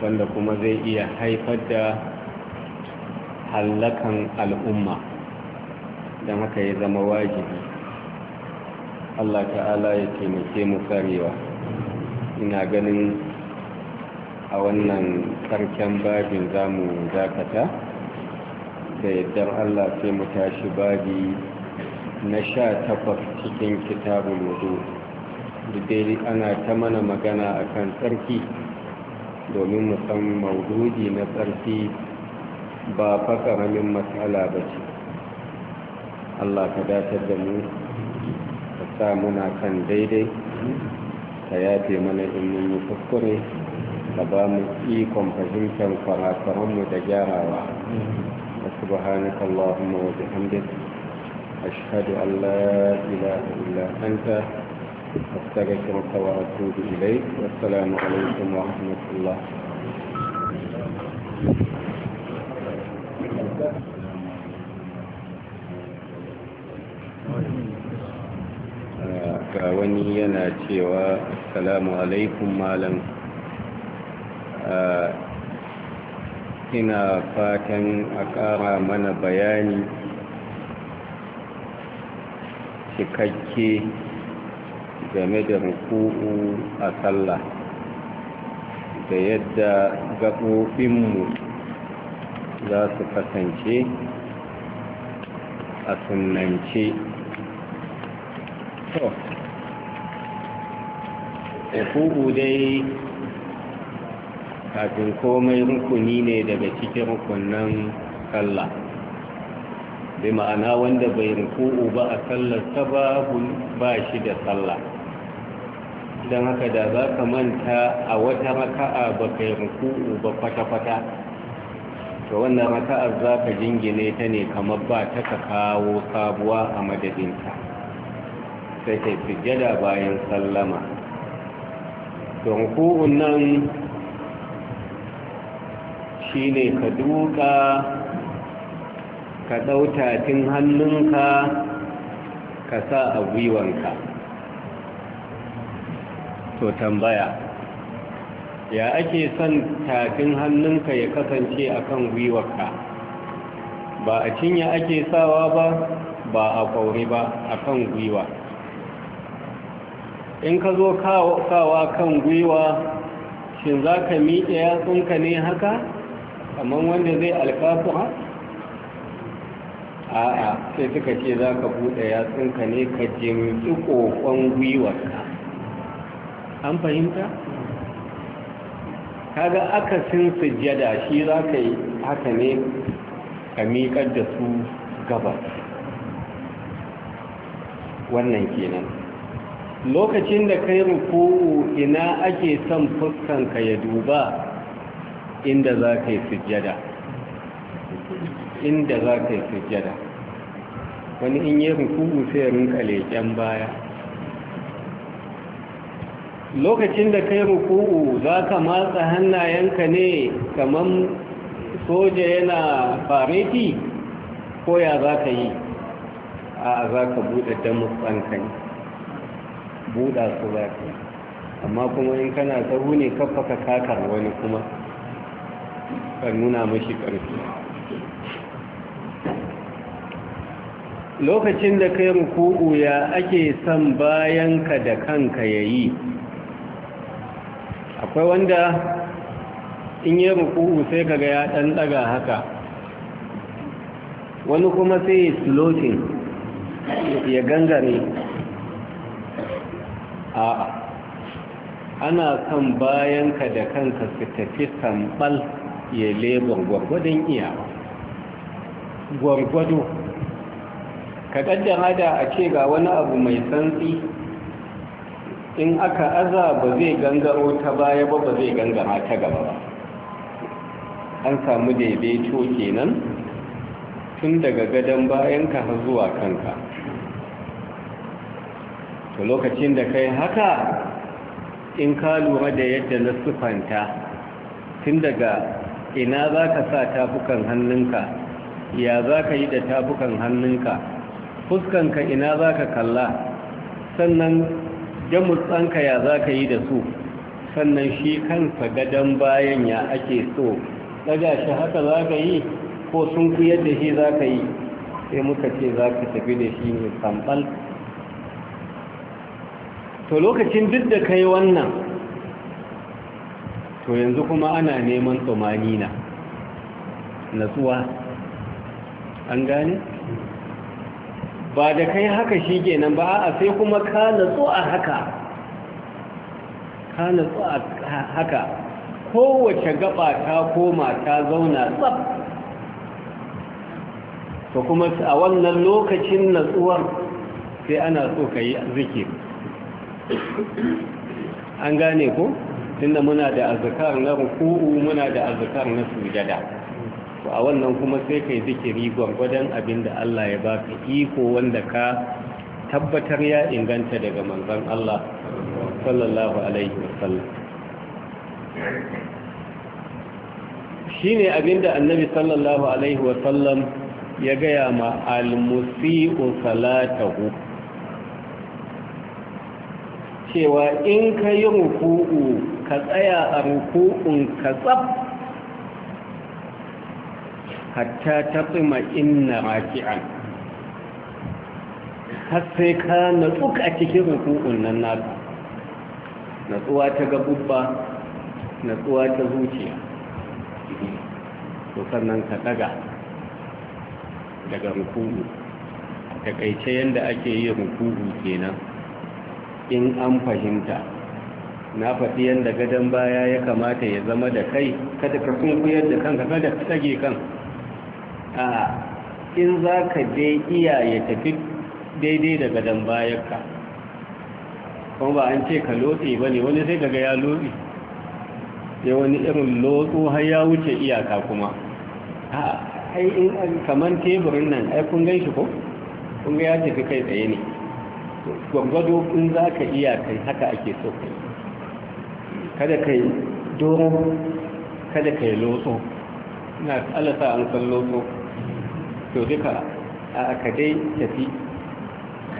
wanda kuma zai iya haifar da hallakan al'umma don haka ya zama wajibi Allah ta'ala ya taimake mu karewa ina ganin a wannan karken babin zamu dakata da yadda Allah sai mu tashi babi na sha takwas cikin kitabul wudu duk dai ana ta mana magana akan tsarki domin mu san maududi na tsarki ba fa karamin matsala ba ce Allah ka datar da mu sa muna kan daidai ka yafe mana in mun yi kuskure ka ba mu ikon fahimtar kwarasaranmu da gyarawa سبحانك اللهم وبحمدك أشهد أن لا إله إلا أنت أستغفرك وأتوب إليك والسلام عليكم ورحمة الله wani yana cewa 'Salamu alaikum malam ina fatan a ƙara mana bayani cikakke game da ruku'u a sallah da yadda gaɓoɓinmu za su kasance a sunance uku dai kafin komai rukuni ne daga cikin rukunan sallah bi ma'ana wanda bai ruku'u ba a sallar ta ba shi da sallah don haka da za ka manta a wata raka'a ba kai ruku'u ba kwata-kwata to wannan raka'ar za ka jingine ta ne kamar ba ta ka kawo sabuwa a madadinta sai ta sujjada bayan sallama don ku'un nan shi ne ka duka ka ɗautatin hannunka ka sa a gwiwanka to tambaya ya ake son tafin hannunka ya kasance a kan gwiwanka? ba a cinye ake sawa ba ba a kwauri ba a kan gwiwa in ka zo kawa kan gwiwa shin za ka miƙe yatsunka ne haka kamar wanda zai alkafu ha a'a sai suka ce za ka buɗe yatsunka ne ka jimci ƙoƙon gwiwarka an fahimta? kaga akasin sujjada shi za ka yi haka ne ka miƙar da su gabas wannan kenan lokacin da kai ruku'u ina ake son fuskanka ya duba inda za ka yi sujjada inda za ka yi sujjada wani in yi ruku'u sai rinka leƙen baya lokacin da kai ruku'u za ka matsa hannayenka ne kamar soja yana fareti ko ya za ka yi a za ka buɗe damutsanka ne buɗa su za ka amma kuma in kana sahu ne kafa ka kakar wani kuma ka nuna mashi ƙarfi lokacin da kai ruku'u ya ake son ka da kanka ya yi akwai wanda in yi ruku'u sai kaga ya ɗan ɗaga haka wani kuma sai ya ganga ya gangare a'a ana kan bayanka da kanka su tafi sambal ya lebar gwargwadon iyawa gwargwado ka ƙaddara da a ce ga wani abu mai santsi in aka aza ba zai gangaro ta baya ba ba zai gangara ta gaba ba an samu daidaito kenan tun daga gadon bayanka har zuwa kanka to lokacin da kai haka in ka lura da yadda na sufanta tun daga ina za ka sa tafukan hannunka ya za ka yi da tafukan hannunka fuskanka ina za ka kalla sannan jamusanka ya za ka yi da su sannan shi kansa gadon bayan ya ake so daga shi haka za ka yi ko sun kuyar da shi za ka yi sai muka ce za ka tafi da shi ne sambal to lokacin duk da kai wannan to yanzu kuma ana neman na, natsuwa an gane ba da kai haka shi kenan ba a sai kuma ka natsu a haka ka natsu a haka kowace gaba ta koma ta zauna tsab to kuma a wannan lokacin natsuwar sai ana so ka yi zikir an gane ko tunda muna da azkar na ruku'u muna da azkar na sujada to a wannan kuma sai kai zikiri gwargwadon abinda Allah ya baka iko wanda ka tabbatar ya inganta daga manzon Allah sallallahu alaihi wasallam shine abinda annabi sallallahu alaihi wasallam ya gaya ma al-musii'u salatahu cewa in ka yi ruku'u ka tsaya a ruku'un ka tsab hatta ta tsima inna raki'an har sai ka natsu a cikin ruku'un nan na natsuwa ta gabubba natsuwa ta zuciya to sannan ka daga daga ruku'u takaice yadda ake yi ruku'u kenan in an fahimta na faɗi yadda gadon baya ya kamata ya zama da kai kada ka sunkuyar da kanka kada ka tsage kan a in za ka dai iya ya tafi daidai da gadon bayanka kuma ba an ce ka lotse ba ne wani sai daga ya lotse ya wani irin lotso har ya wuce iyaka kuma a ai in kamar teburin nan ai kun gan shi ko kun ga ya tafi kai tsaye ne gwangwado in za ka iya kai haka ake so kada ka yi doron kada ka yi loso na alasa an san loso to duka a aka dai tafi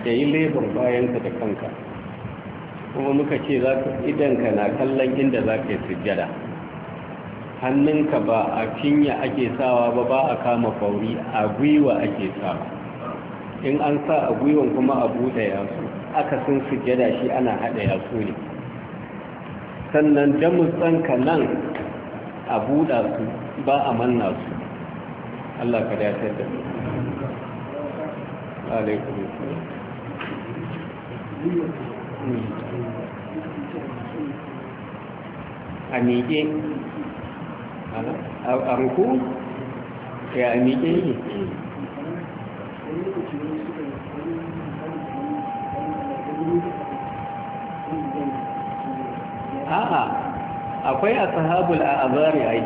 da yi lebar bayanka da kanka kuma muka ce za ka idanka na kallon inda za ka yi sujjada hannunka ba a cinya ake sawa ba ba a kama fauri a gwiwa ake sawa in an sa a gwiwan kuma a buɗe yasu aka sun sujjada shi ana haɗa yasu ne sannan jamutsanka nan a buɗa su ba a manna su Allah ka datar da su a miƙe a ruku ya miƙe yi a'a akwai ashabul a'zari ai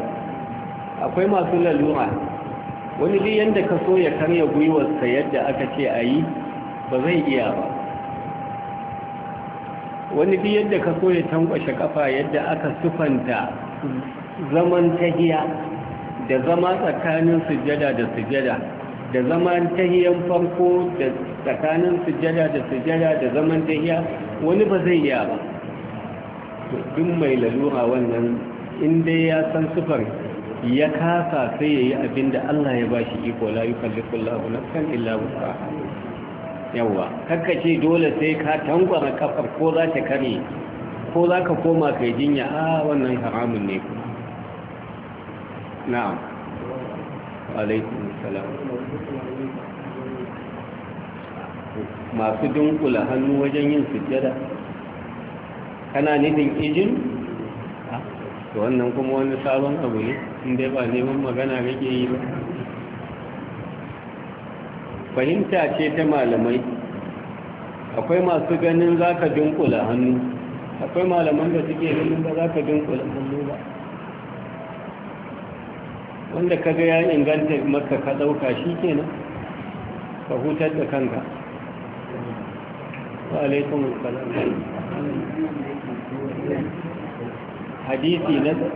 akwai masu lalura wani bi yanda ka so ya karya sa yadda aka ce a yi ba zai iya ba wani bi yanda ka so ya tankwashe kafa yadda aka sufanta zaman tahiya da zama tsakanin sujjada da sujjada da zaman tahiyan farko da tsakanin sujjada da sujjada da zaman tahiya wani ba zai iya ba duk mai lalura wannan in dai ya san sufar ya kasa sai ya yi abin da Allah ya ba shi iko la yi kallifin kan illa wusa yawa ce dole sai ka tankwara kafar ko za ta kare ko za ka koma kai jinya a wannan haramun ne na'am alaikun salam masu dunkula hannu wajen yin sujjada kana nufin ijin to wannan kuma wani sabon abu ne inda ba neman magana kake yi ba fahimta ce ta malamai akwai masu ganin za ka dunkula hannu akwai malaman da suke ganin ba za ka dunkula hannu ba wanda ka ga ya inganta maka ka ɗauka shi kenan ka hutar da kanka wa alaikun salam hadisi na baya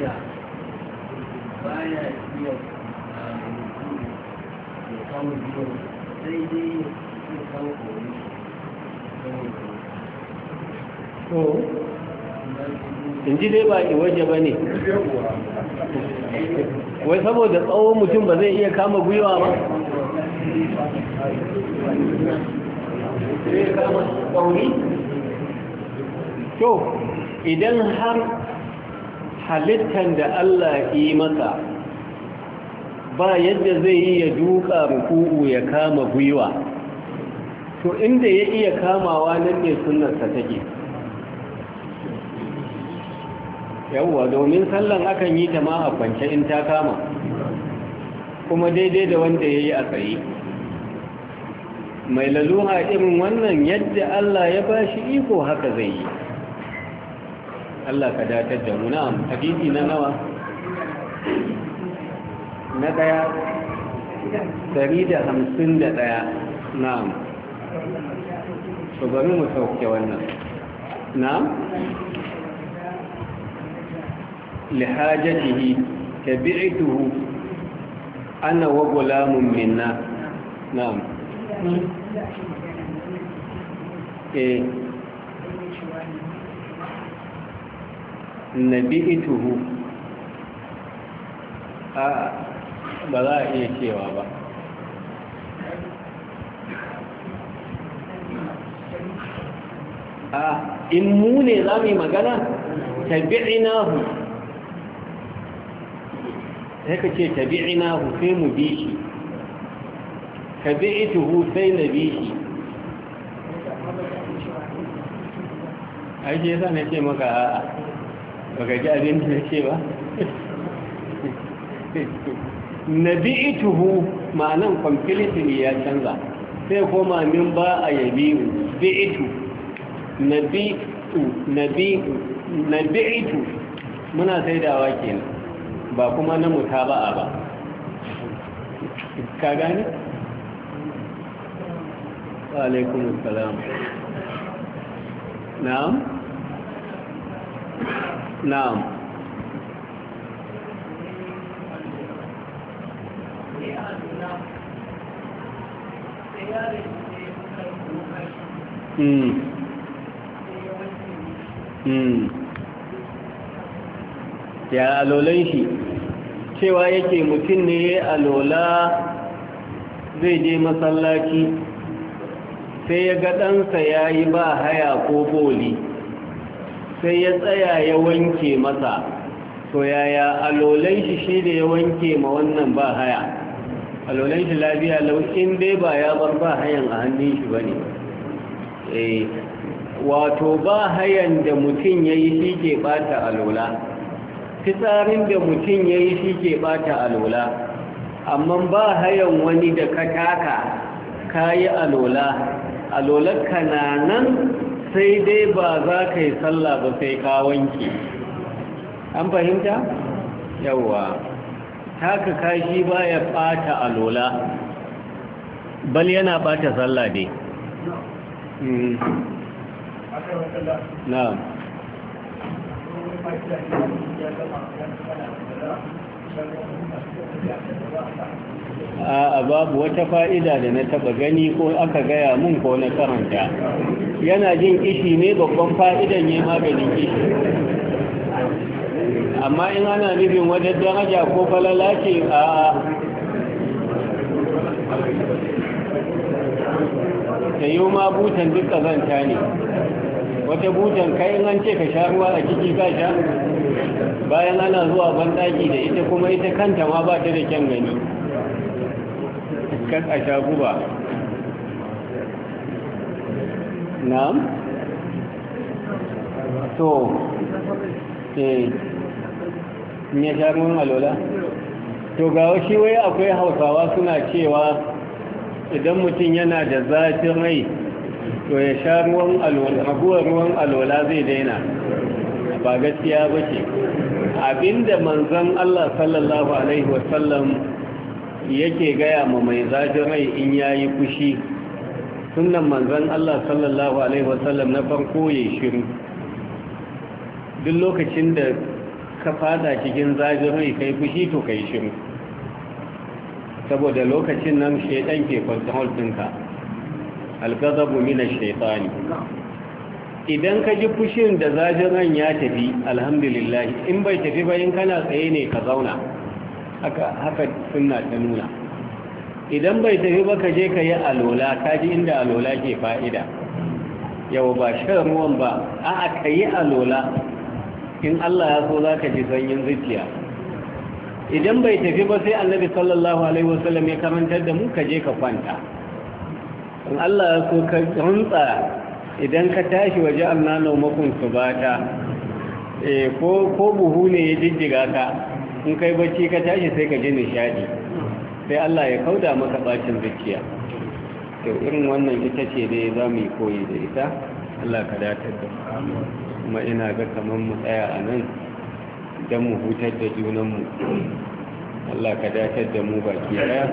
iya baya iya ya kawo sai dai ya kawo kori to in ji dai ba waje ba ne wai saboda tsawon mutum ba zai iya kama gwiwa ba zai kama tsauri to idan har halittar da Allah yi masa ba yadda zai yi ya duka ruku'u ya kama gwiwa to inda ya iya kamawa nan ne sunnarsa take yawwa domin sallan akan yi ta ma a kwance in ta kama kuma daidai da wanda ya yi a tsaye mai laluha irin wannan yadda Allah ya bashi iko haka zai yi Allah ka datar da mu na'am hadisi na nawa na daya 151 na'am to bari mu sauke wannan na'am lihajatihi tabi'tuhu ana wa gulamun minna na'am eh nabi'tuhu a ba za a iya cewa ba a in mu ne za mu yi magana tabi'inahu sai ka ce tabi'inahu sai mu bi shi tabi'ituhu sai na bi shi ake zane ce maka a'a baka ji abin da ke ba Na nabi'tuhu ma'anan kwamfilitin ya canza sai koma min ba a yabi itu Na bi itu muna da wake ba kuma na mutaba'a ba ka gani wa alaikum assalam na'am نعم hmm. hmm. ya alolan shi cewa yake mutum ne ya alola zai je masallaci sai ya ga ɗansa ya yi ba haya ko boli sai ya tsaya ya wanke masa to yaya alolan shi shi da ya wanke ma wannan ba haya alolan shi lafiya lau in dai ba ya bar ba hayan a hannun shi ba ne eh, wato ba hayan da mutum ya yi shi ke bata alola fitsarin da mutum ya yi shi ke bata alola amma ba hayan wani da ka taka ka yi alola alolar nan? sai dai ba za ka yi sallah ba sai ka wanke an fahimta? yawwa taka kashi ba ya bata alola bal yana bata sallah dai hmm. na'am a babu wata fa'ida da na taba gani ko aka gaya mun ko na karanta yana jin ishi ne babban fa'idan ya maganin kishi amma in ana nufin wajen daraja ko falala ce a ta yi ma butan duk zanta ne wata butan kayan an ce ka sha ruwa a ciki ka sha bayan ana zuwa banɗaki da ita kuma ita kanta ma ba ta da kyan gani kan a sha guba na'am to eh ya sha ruwan alola to ga wasu wai akwai hausawa suna cewa idan mutum yana da zafin rai to ya sha ruwan alola raguwar ruwan alola zai daina ba gaskiya ba ce abinda manzan Allah sallallahu alaihi wasallam yake gaya ma mai zafin rai in yayi fushi sunan manzan Allah sallallahu alaihi wasallam na farko ya shiru duk lokacin da ka fada cikin zafin rai kai fushi to kai shiru saboda lokacin nan shaidan ke control ɗinka algazabu mina shaidani idan ka ji fushin da zafin ran ya tafi alhamdulillah in bai tafi ba kana tsaye ne ka zauna haka haka ta nuna idan bai tafi ba ka je ka yi alola ka ji inda alola ke fa'ida yau ba shan ruwan ba a ka yi alola in Allah ya so za ka ji sanyin zuciya idan bai tafi ba sai annabi sallallahu alaihi wasallam ya karantar da mu ka je ka kwanta in Allah ya so ka rantsa idan ka tashi waje annano makon su eh ko ko buhu ne ya jijjiga ka in kai bacci ka tashi sai ka ji nishadi sai Allah ya kauda maka bacin zuciya to irin wannan ita ce dai za mu yi koyi da ita Allah ka datar da kuma ina ga kaman mu tsaya a nan don mu hutar da junanmu Allah ka datar da mu baki daya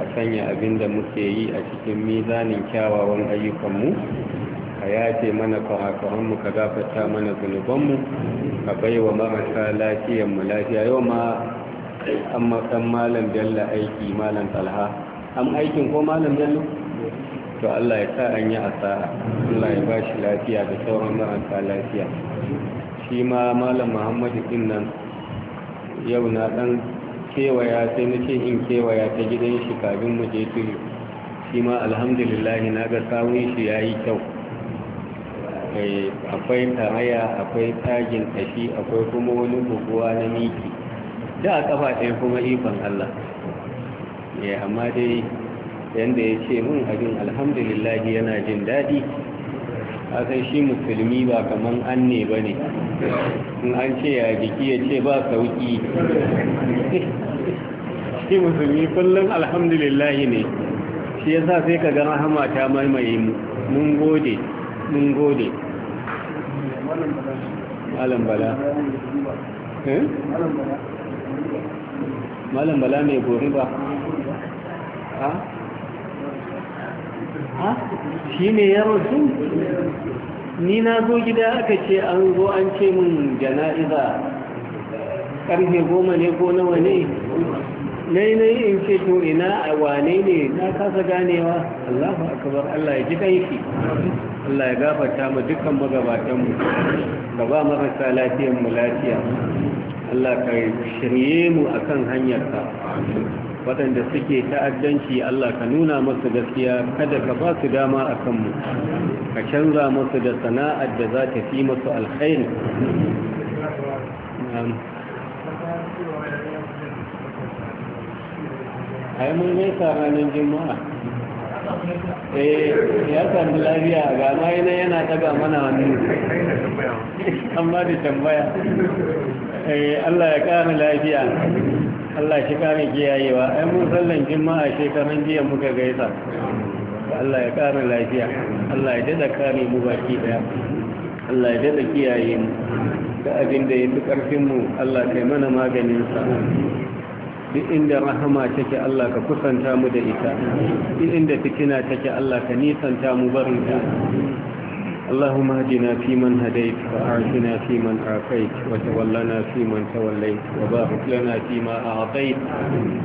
a sanya abin da muke yi a cikin mizanin kyawawan ayyukanmu ka yafe mana kurakuranmu ka gafarta mana zunubanmu ka bai wa marasa lafiyanmu lafiya yau ma an makan malam bello aiki malam talha an aikin ko malam bello to allah ya sa an yi asara allah ya ba shi lafiya da sauran marasa lafiya shi ma malam muhammadu din nan yau na dan kewaya sai na ce in kewaya ta gidan shi kafin mu je tuyo shi ma alhamdulillahi na ga kawun shi ya yi kyau akwai tarayya, akwai tagin kashi akwai kuma wani buguwa na miki da a kafa ɗaya kuma ikon Allah ya eh, amma dai yadda ya ce mun abin alhamdulillah yana jin daɗi a san shi musulmi ba kaman an ne ba ne in an ce ya jiki ya ce ba sauƙi shi musulmi kullum alhamdulillah ne shi yasa sai ka ga rahama ta maimaye mu mun gode mun gode malam bala eh? malam bala mai gori ba ha ha shi ne ya rasu ni na zo gida aka ce an zo an ce min jana'iza karfe goma ne ko nawa ne Nainai in ce to ina a wane ne na kasa ganewa allahu akabar allah ya ji kanki Allah ya gafata mu dukkan magabatanmu ka ba marasa lafiyar mu lafiya Allah ka shirye mu akan hanyarka waɗanda suke ta'addanci Allah ka nuna masu gaskiya kada ka ba su dama a kanmu ka canza masu da sana'ar da za ta fi masu alkhairi a yi mun nesa ranar jima'a eh ya sami lafiya ga mai yana daga mana an amma da tambaya eh Allah ya kara lafiya Allah shi kare kiyayewa ai mun sallan jima'a shekaran jiya muka gaisa Allah ya kara lafiya Allah ya dada kare mu baki daya Allah ya dada kiyaye mu da abin da ya fi karfinmu Allah kai mana maganin sa duk inda rahama take Allah ka kusanta mu da ita duk inda fitina take Allah ka nisanta mu barin ta اللهم اهدنا فيمن هديت وعافنا فيمن عافيت وتولنا فيمن توليت وبارك لنا فيما أعطيت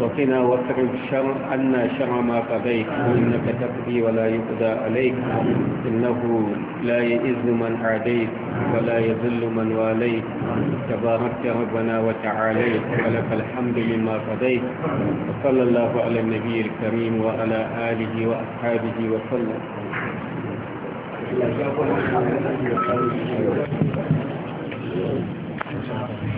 وقنا واصرف شر عنا شر ما قضيت إنك تقضي ولا يقضى عليك إنه لا يئز من عاديت ولا يذل من واليت تباركت ربنا وتعاليت ولك الحمد مما قضيت وصلى الله على النبي الكريم وعلى آله وأصحابه وسلم Gracias.